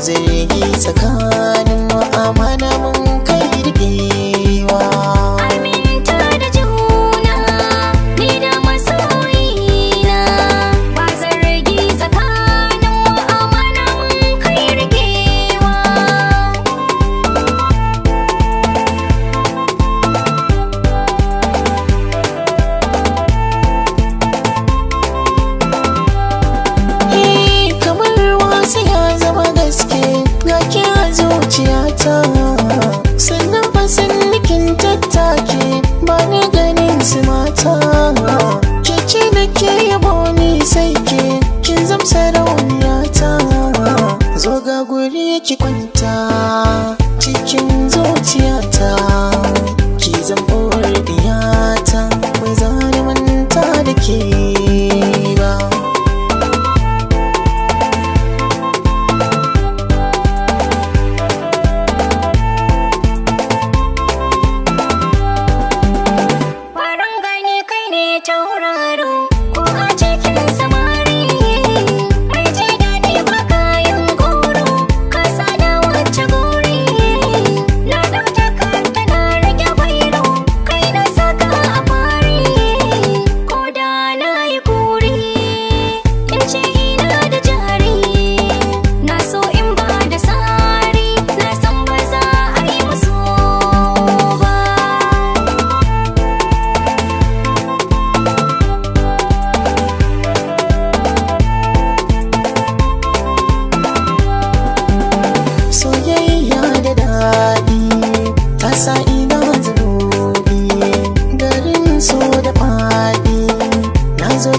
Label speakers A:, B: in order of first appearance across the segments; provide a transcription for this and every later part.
A: zai yi tsakanin chico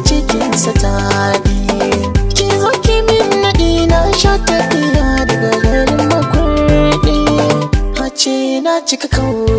A: cikin sa tadi ki zo min naɗi na sha tafiya daga garin makurɗi hace na cika kawai